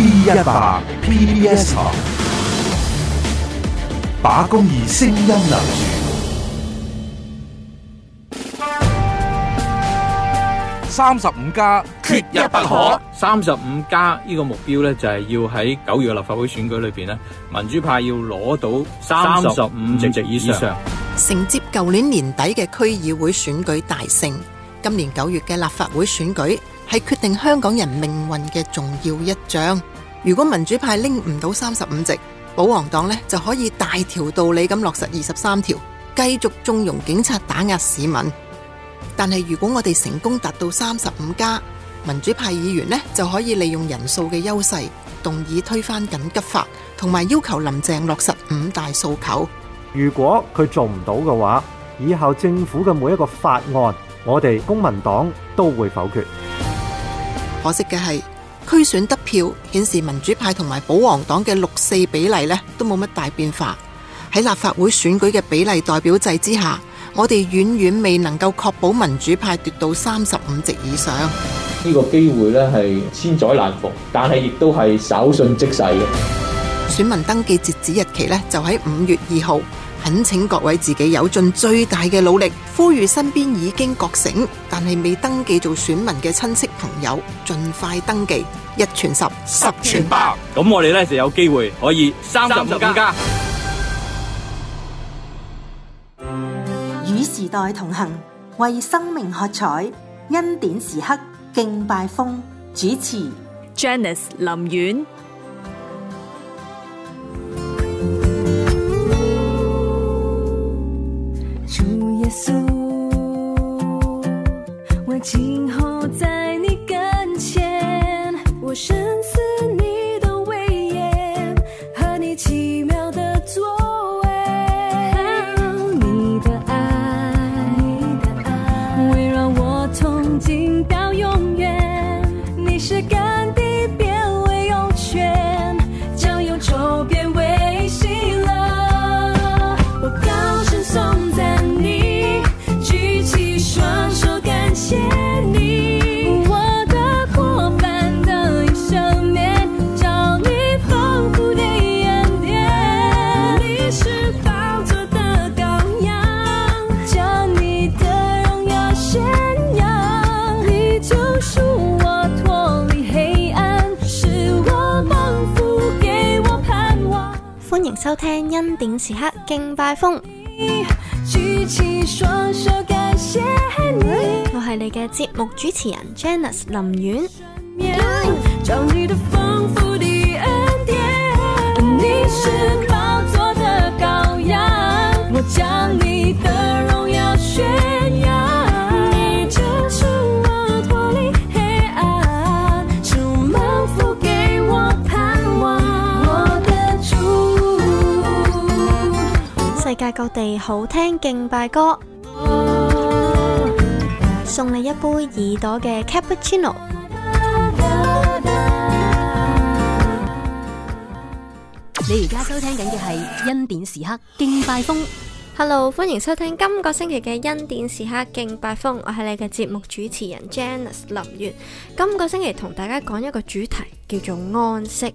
P 一百 PBS 台，把公義聲音留住。三十五加缺一不可。三十五加呢個目標咧，就係要喺九月嘅立法會選舉裏邊咧，民主派要攞到三十五席席以上，承接舊年年底嘅區議會選舉大勝，今年九月嘅立法會選舉。係決定香港人命運嘅重要一仗。如果民主派拎唔到三十五席，保皇黨咧就可以大條道理咁落實二十三條，繼續縱容警察打壓市民。但係如果我哋成功達到三十五加，民主派議員咧就可以利用人數嘅優勢，動議推翻緊急法，同埋要求林鄭落實五大訴求。如果佢做唔到嘅話，以後政府嘅每一個法案，我哋公民黨都會否決。可惜嘅係區選得票顯示民主派同埋保皇黨嘅六四比例咧都冇乜大變化。喺立法會選舉嘅比例代表制之下，我哋遠遠未能夠確保民主派奪到三十五席以上。呢個機會咧係千載難逢，但係亦都係稍縱即逝嘅。選民登記截止日期咧就喺五月二號。懇請各位自己有盡最大嘅努力，呼籲身邊已經覺醒但係未登記做選民嘅親戚朋友，盡快登記，一傳十，十傳百。咁我哋咧就有機會可以三十五加。與時代同行，為生命喝彩，恩典時刻敬拜風主持，Janice 林苑。敬拜風，我係你嘅節目主持人 Janice 林婉。世界各地好聽敬拜歌，送你一杯耳朵嘅 cappuccino。你而家收聽緊嘅係恩典時刻敬拜風。Hello，歡迎收聽今個星期嘅恩典時刻敬拜風。我係你嘅節目主持人 Janice 林月。今個星期同大家講一個主題，叫做安息。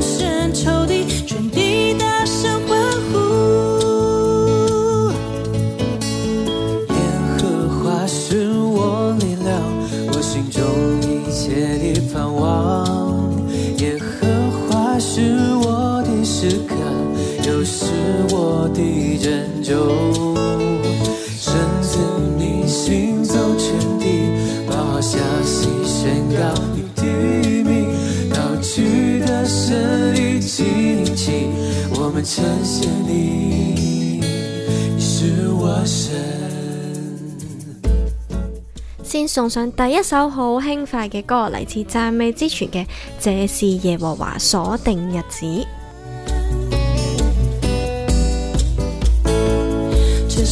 先送上第一首好輕快嘅歌，嚟自讚美之泉嘅《這是耶和華所定日子》。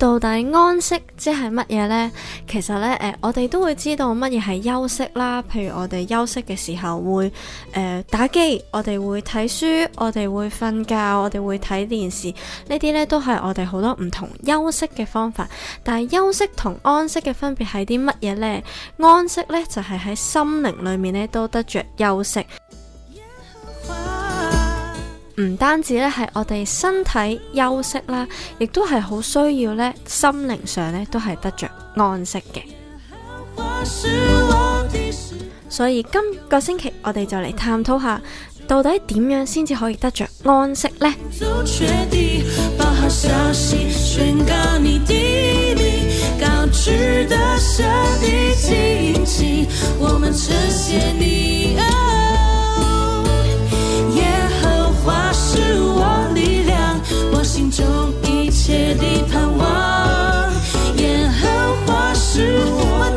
到底安息即係乜嘢呢？其實呢，誒、呃，我哋都會知道乜嘢係休息啦。譬如我哋休息嘅時候會誒、呃、打機，我哋會睇書，我哋會瞓覺，我哋會睇電視。呢啲呢都係我哋好多唔同休息嘅方法。但係休息同安息嘅分別係啲乜嘢呢？安息呢就係、是、喺心靈裏面呢都得着休息。唔單止咧，係我哋身體休息啦，亦都係好需要咧，心靈上咧都係得着安息嘅。所以今個星期我哋就嚟探討下，到底點樣先至可以得着安息呢？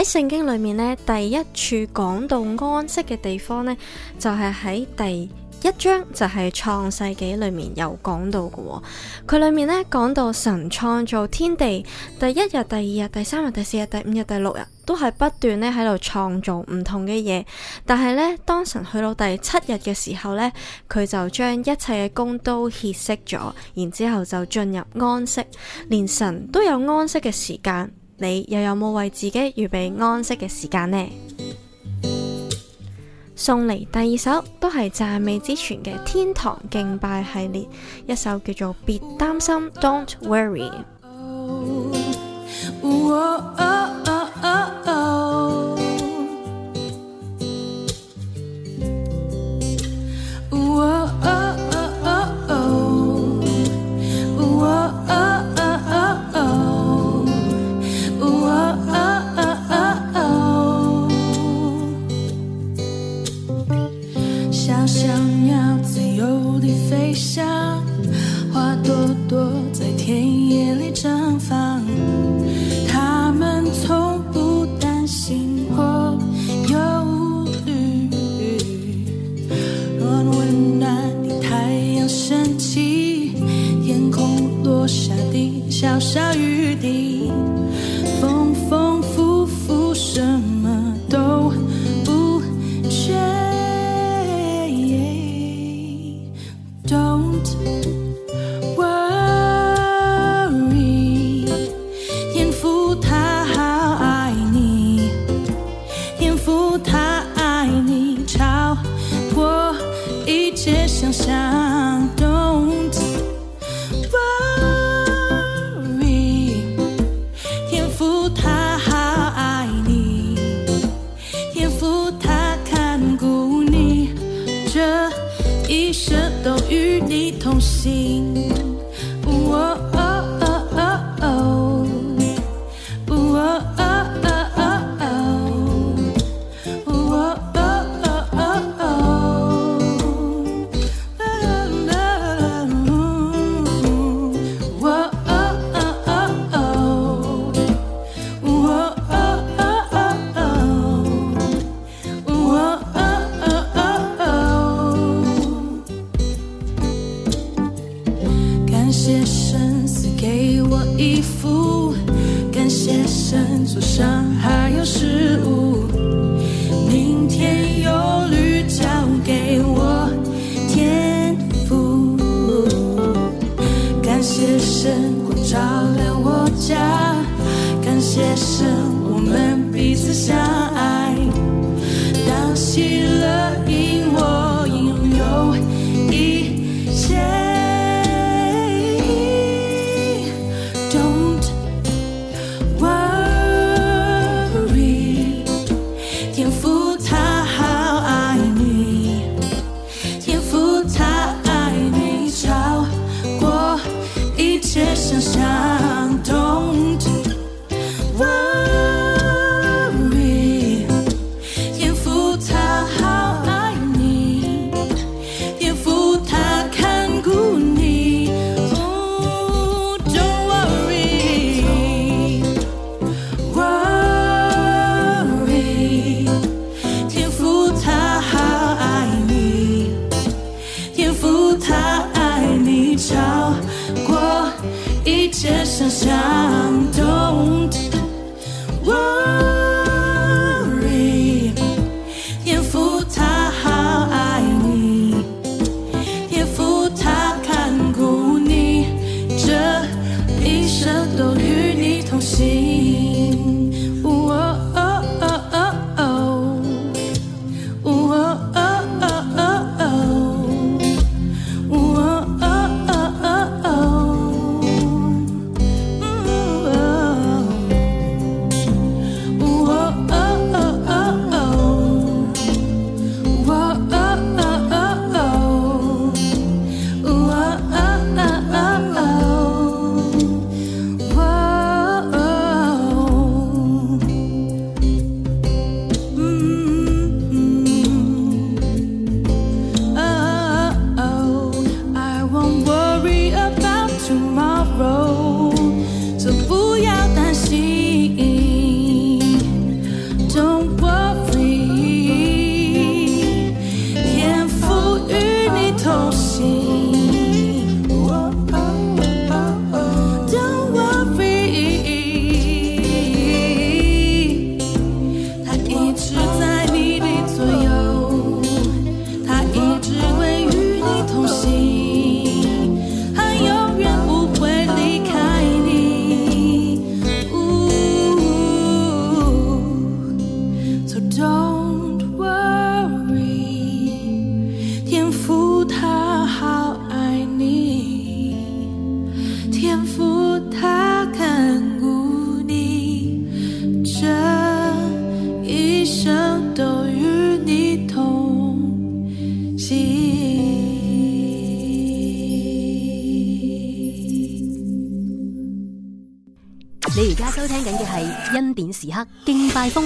喺聖經裏面咧，第一處講到安息嘅地方呢，就係喺第一章，就係創世紀裏面有講到嘅哦。佢裏面咧講到神創造天地，第一日、第二日、第三日、第四日、第五日、第六日，都係不斷咧喺度創造唔同嘅嘢。但係呢，當神去到第七日嘅時候呢，佢就將一切嘅功都歇息咗，然之後就進入安息。連神都有安息嘅時間。你又有冇為自己預備安息嘅時間呢？送嚟第二首都係讚美之泉嘅天堂敬拜系列，一首叫做《別擔心》，Don't worry。 你而家收聽緊嘅係《恩典時刻》敬拜風。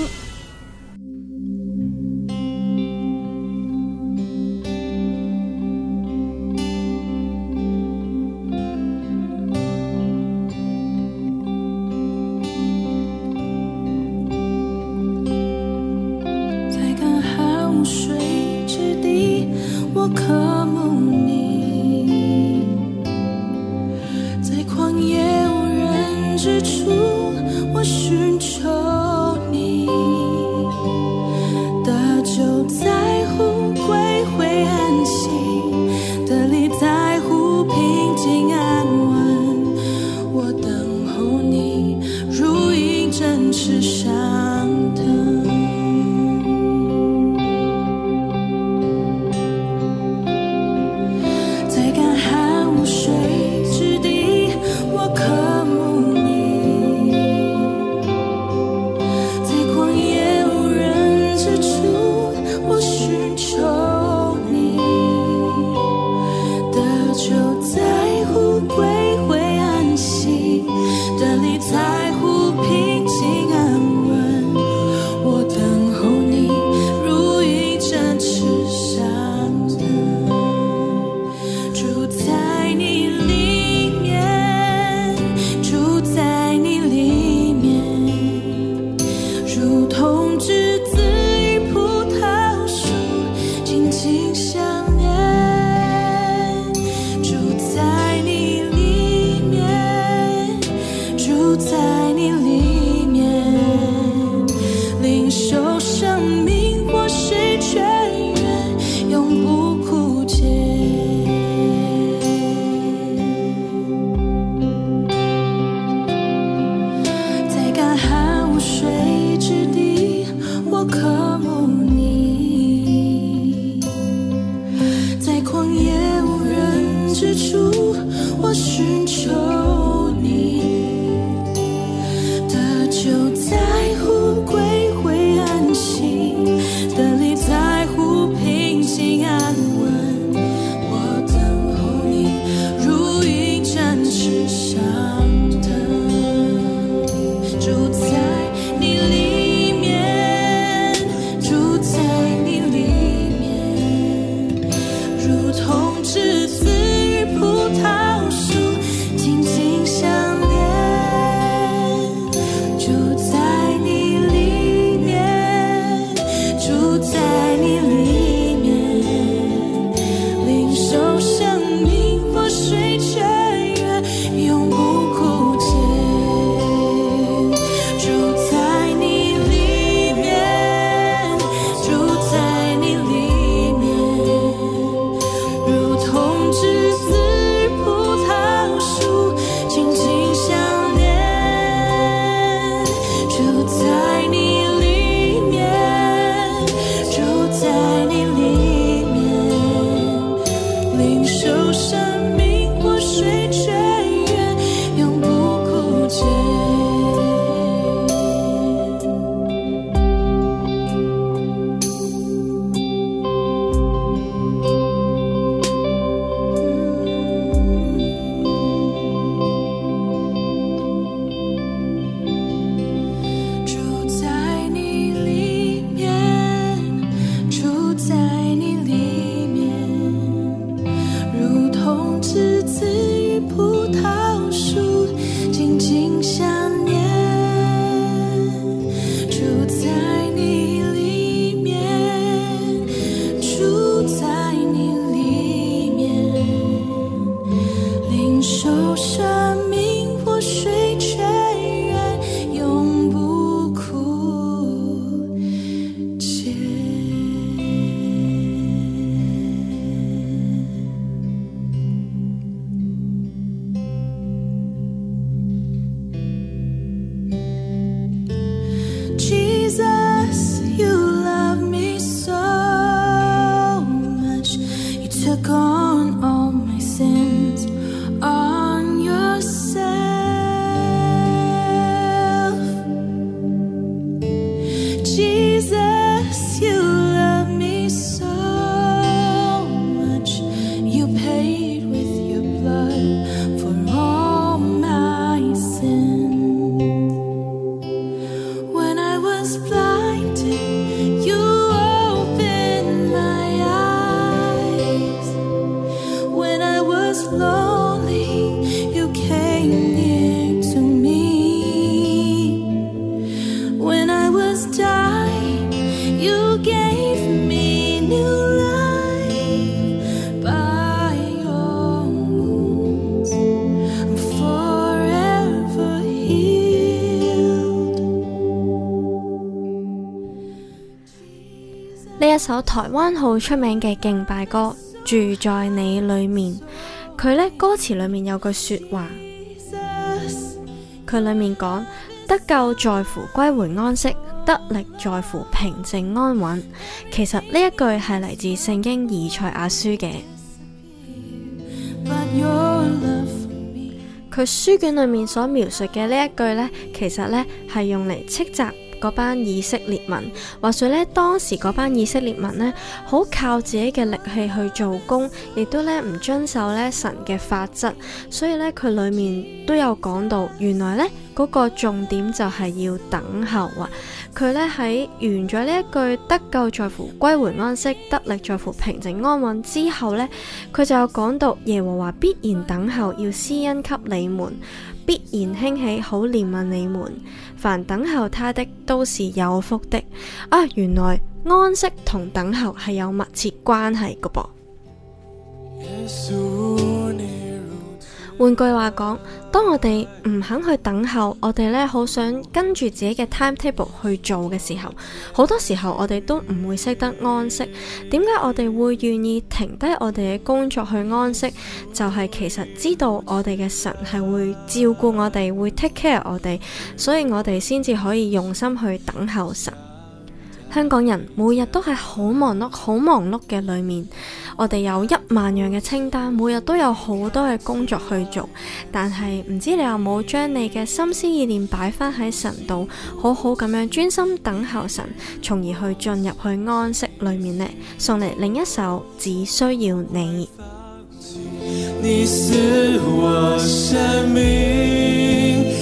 台灣好出名嘅敬拜歌《住在你裏面》，佢呢歌詞裏面有句說話，佢裏面講得救在乎歸回安息，得力在乎平靜安穩。其實呢一句係嚟自聖經《以賽亞書》嘅。佢書卷裏面所描述嘅呢一句呢，其實呢係用嚟斥責。嗰班以色列民，話說咧當時嗰班以色列民呢，好靠自己嘅力氣去做工，亦都咧唔遵守咧神嘅法則，所以咧佢裏面都有講到，原來咧嗰個重點就係要等候啊！佢咧喺完咗呢一句得救在乎歸回安息，得力在乎平靜安穩之後咧，佢就有講到耶和華必然等候，要施恩給你們，必然興起，好憐憫你們。凡等候他的都是有福的啊！原來安息同等候係有密切關係噶噃。換句話講，當我哋唔肯去等候，我哋呢好想跟住自己嘅 timetable 去做嘅時候，好多時候我哋都唔會識得安息。點解我哋會願意停低我哋嘅工作去安息？就係、是、其實知道我哋嘅神係會照顧我哋，會 take care 我哋，所以我哋先至可以用心去等候神。香港人每日都係好忙碌、好忙碌嘅裏面，我哋有一萬樣嘅清單，每日都有好多嘅工作去做，但係唔知你有冇將你嘅心思意念擺翻喺神度，好好咁樣專心等候神，從而去進入去安息裏面呢？送嚟另一首，只需要你。你是我生命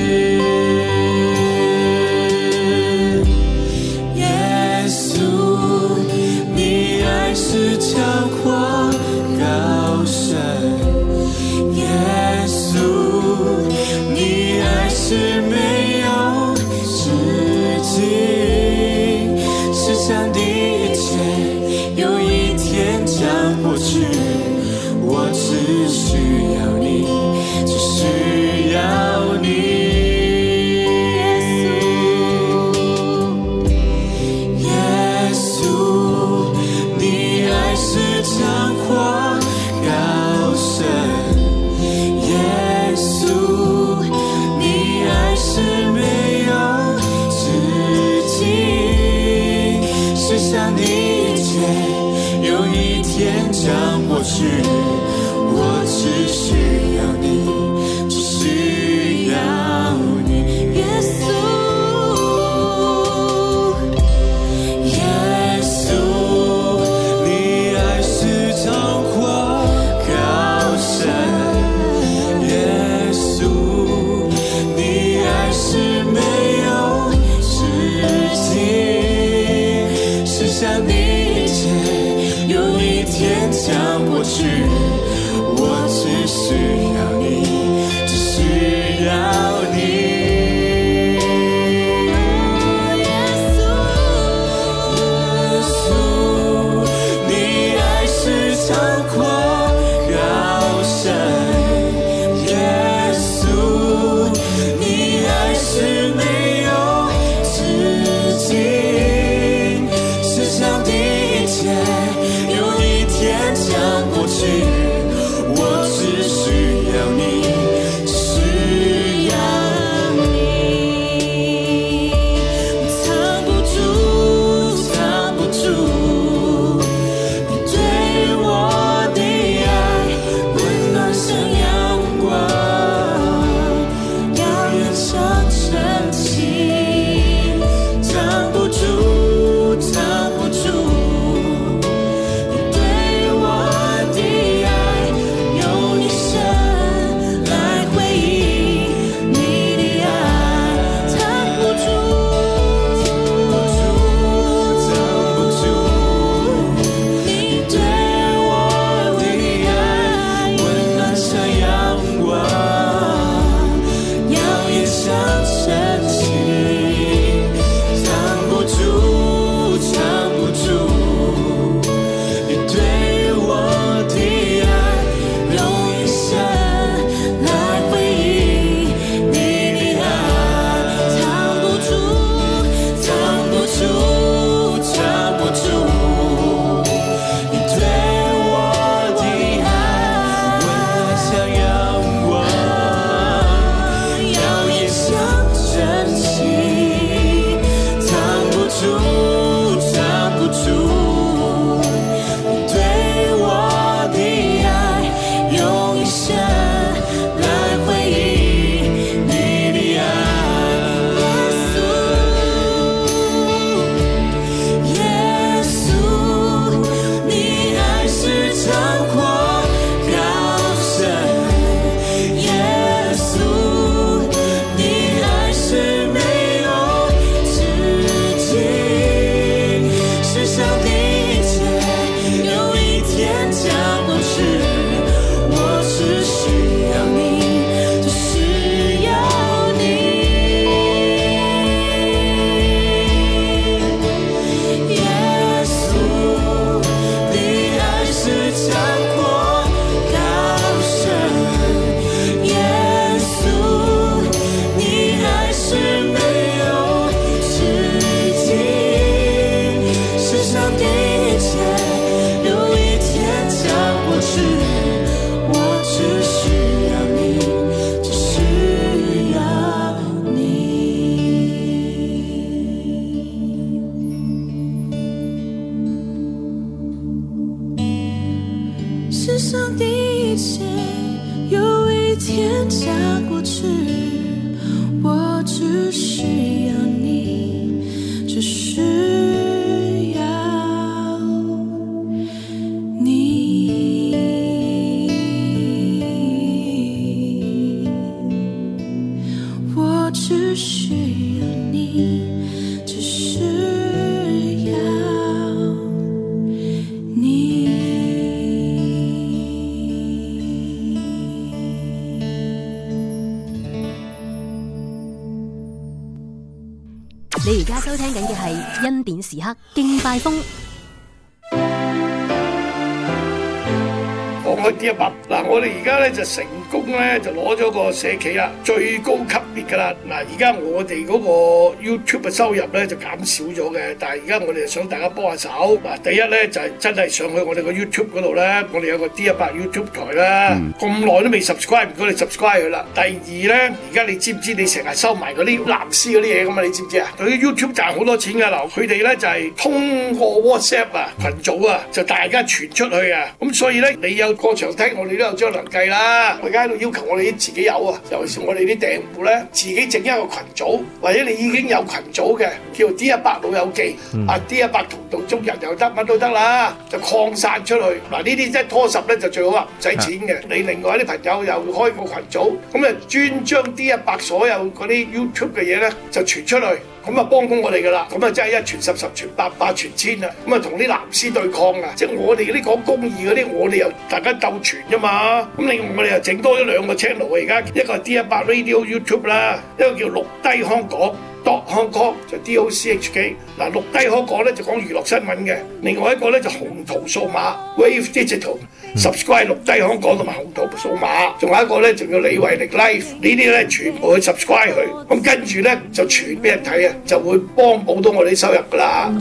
社企啦，最高級別噶啦。嗱，而家我哋嗰個 YouTube 嘅收入咧就減少咗嘅。但係而家我哋就想大家幫下手。嗱，第一咧就係、是、真係上去我哋個 YouTube 嗰度咧，我哋有個 D 一百 YouTube 台啦，咁耐、嗯、都未 subscribe，唔該你 subscribe 佢啦。第二咧，而家你知唔知你成日收埋嗰啲藍絲嗰啲嘢咁嘛？你知唔知對、就是、啊？佢 YouTube 賺好多錢噶嗱，佢哋咧就係通過 WhatsApp 啊群組啊，就大家傳出去啊。咁所以咧，你有過場聽我哋都有張良計啦。我而家喺度要求我哋自己有。尤其是我哋啲訂戶呢，自己整一個群組，或者你已經有群組嘅，叫 D 一百老友記啊、嗯、，D 一百同道中人又得，乜都得啦，就擴散出去。嗱、啊，呢啲即係拖十呢就最好啦，唔使錢嘅。啊、你另外啲朋友又會開個群組，咁啊專將 D 一百所有嗰啲 YouTube 嘅嘢呢，就傳出去。咁啊幫工我哋噶啦，咁啊真係一傳十十傳百百傳千啊！咁啊同啲藍絲對抗啊，即係我哋呢啲講公義嗰啲，我哋又大家鬥傳咋嘛！咁你我哋又整多咗兩個 channel 啊！而家一個係 D100 Radio YouTube 啦，一個叫錄低香港。度香港就 DOCHK，嗱錄低可講呢就講娛樂新聞嘅，另外一個呢就紅圖數碼 Wave Digital，subscribe 錄低香港同埋紅圖數碼，仲有一個呢就叫李慧玲 Life，呢啲呢全部去 subscribe 佢，咁跟住、嗯、呢就傳俾人睇啊，就會幫補到我哋收入噶啦。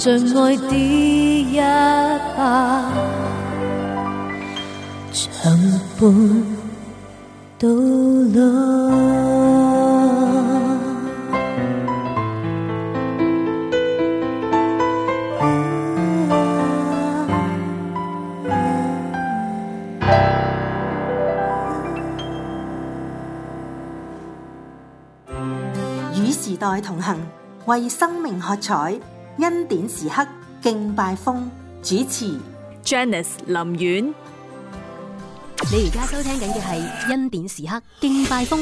待同行，為生命喝彩，恩典時刻敬拜風。主持 Janice 林苑，你而家收聽緊嘅係恩典時刻敬拜風。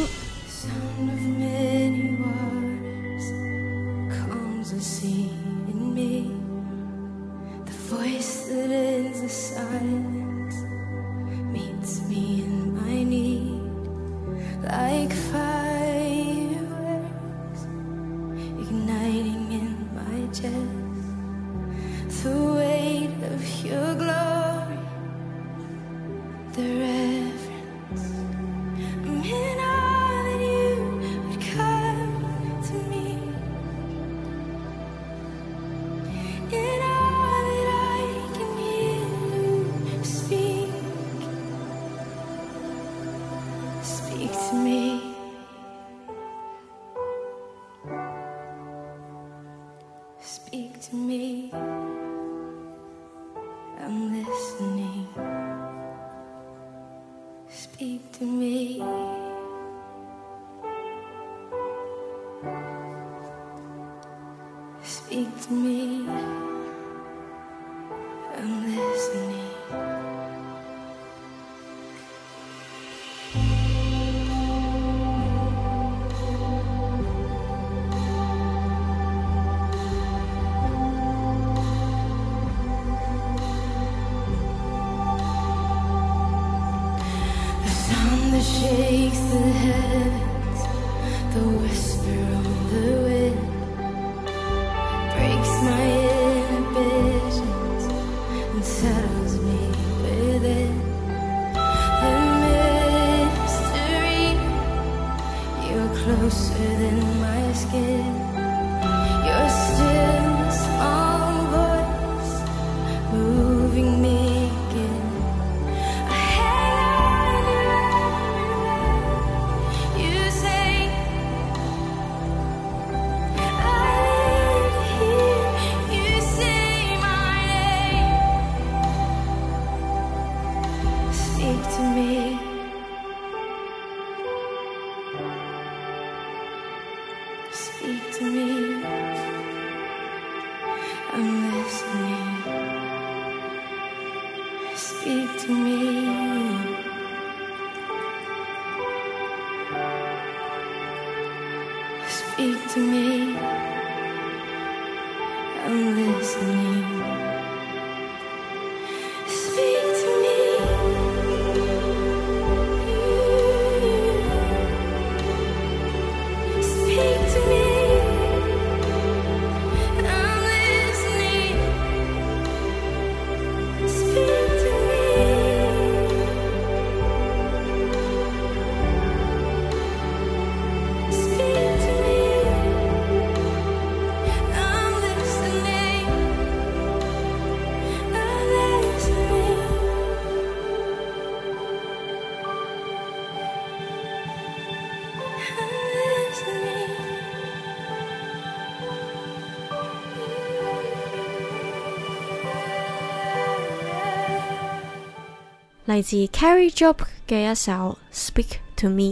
嚟自 Carrie Job 嘅一首《Speak to Me》。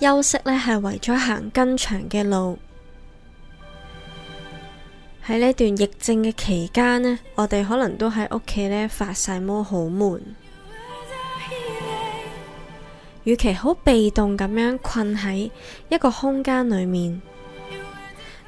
休息呢，係為咗行更長嘅路。喺呢段疫症嘅期間呢，我哋可能都喺屋企呢發晒魔，好悶。與其好被動咁樣困喺一個空間裏面。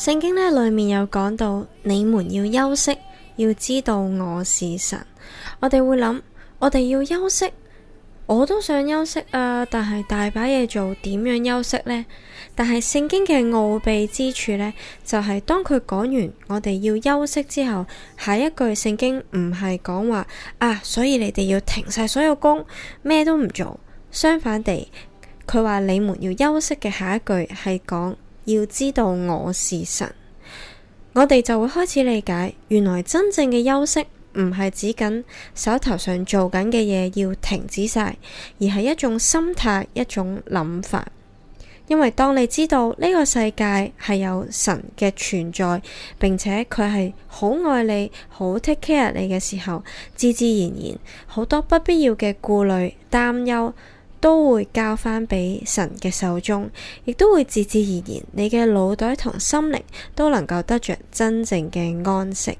聖經咧裏面有講到，你們要休息，要知道我是神。我哋會諗，我哋要休息，我都想休息啊，但係大把嘢做，點樣休息呢？但係聖經嘅奧秘之處呢，就係當佢講完我哋要休息之後，下一句聖經唔係講話啊，所以你哋要停晒所有工，咩都唔做。相反地，佢話你們要休息嘅下一句係講。要知道我是神，我哋就會開始理解，原來真正嘅休息唔係指緊手頭上做緊嘅嘢，要停止晒，而係一種心態、一種諗法。因為當你知道呢個世界係有神嘅存在，並且佢係好愛你、好 take care 你嘅時候，自自然然，好多不必要嘅顧慮、擔憂。都會交翻畀神嘅手中，亦都會自自然然，你嘅腦袋同心靈都能夠得着真正嘅安息。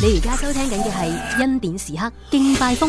你而家收聽緊嘅係《恩典時刻》敬拜風。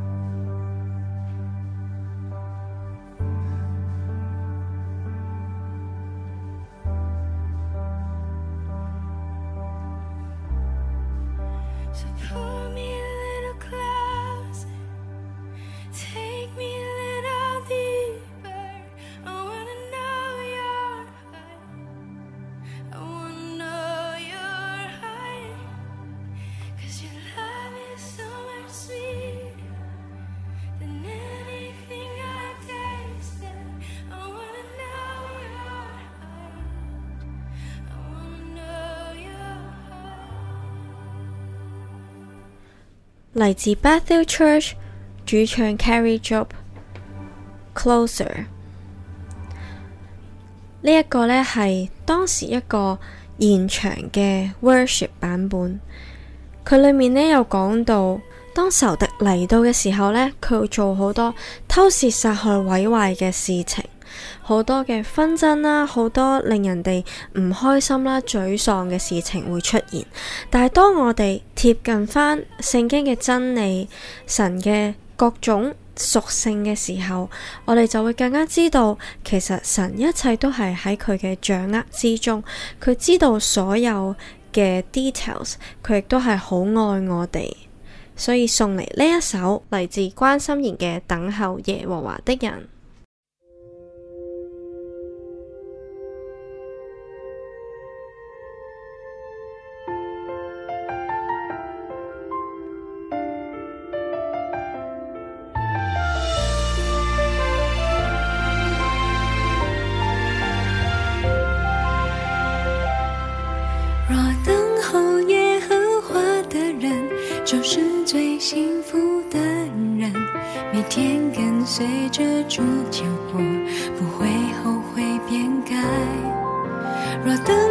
嚟自 Bethel Church 主唱 Carrie Job Closer、這個、呢一個咧係當時一個現場嘅 worship 版本，佢裏面咧有講到，當仇敵嚟到嘅時候咧，佢會做好多偷竊、殺害、毀壞嘅事情，好多嘅紛爭啦，好多令人哋唔開心啦、沮喪嘅事情會出現，但係當我哋，貼近翻聖經嘅真理，神嘅各種屬性嘅時候，我哋就會更加知道，其實神一切都係喺佢嘅掌握之中，佢知道所有嘅 details，佢亦都係好愛我哋，所以送嚟，呢一首嚟自關心妍嘅《等候耶和華的人》。隨着逐漸，我不會後悔變改。若等。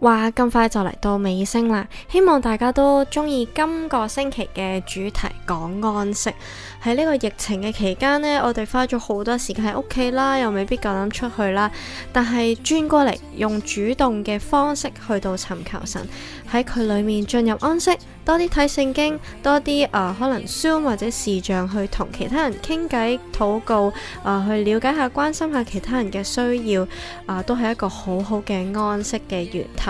嘩，咁快就嚟到尾聲啦，希望大家都中意今個星期嘅主題講安息。喺呢個疫情嘅期間呢，我哋花咗好多時間喺屋企啦，又未必夠膽出去啦。但係轉過嚟用主動嘅方式去到尋求神，喺佢裏面進入安息，多啲睇聖經，多啲、呃、可能 zoom 或者視像去同其他人傾偈禱告、呃，去了解下關心下其他人嘅需要，啊、呃、都係一個好好嘅安息嘅源頭。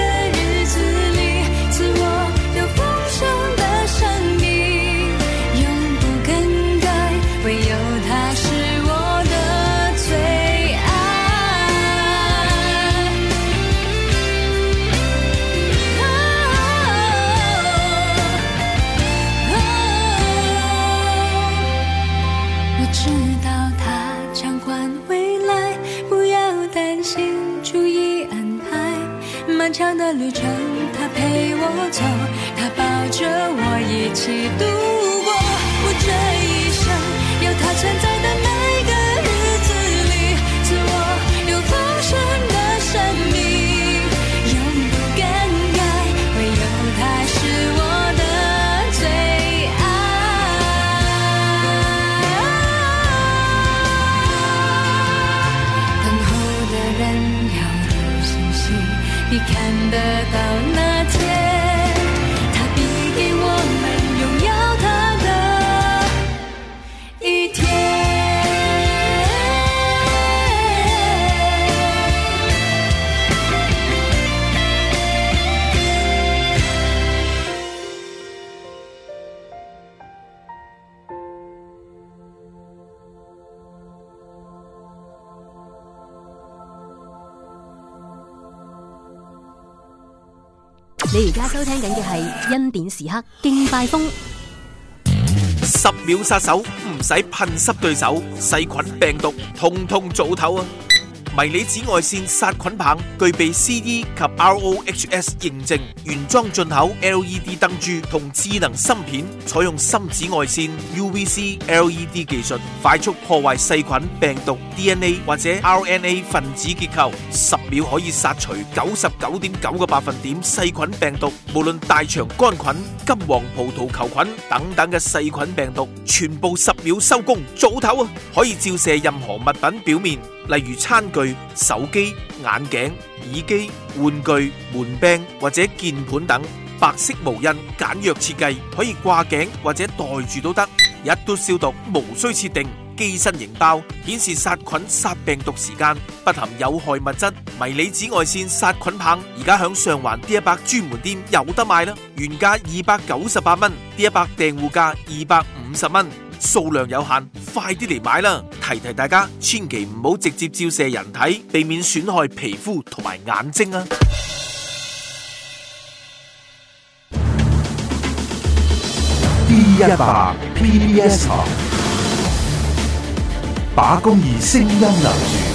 旅程，他陪我走，他抱着我一起度。你而家收聽緊嘅係《恩典時刻》勁快風，十秒殺手，唔使噴濕對手，細菌病毒通通早唞啊！迷你紫外線殺菌棒具備 CE 及 RoHS 認證，原裝進口 LED 燈珠同智能芯片，採用深紫外線 UVC LED 技術，快速破壞細菌病毒 DNA 或者 RNA 分子結構，十秒可以殺除九十九點九個百分點細菌病毒。無論大腸桿菌、金黃葡萄球菌等等嘅細菌病毒，全部十秒收工。早唞啊，可以照射任何物品表面。例如餐具、手機、眼鏡、耳機、玩具、門柄或者鍵盤等，白色無印簡約設計，可以掛頸或者袋住都得，一都消毒，無需設定，機身型包，顯示殺菌殺病毒時間，不含有害物質，迷你紫外線殺菌棒，而家響上環 D 一百專門店有得賣啦，原價二百九十八蚊，D 一百訂戶價二百五十蚊。數量有限，快啲嚟買啦！提提大家，千祈唔好直接照射人體，避免損害皮膚同埋眼睛啊！D100 PBS 台，把公義聲音留住。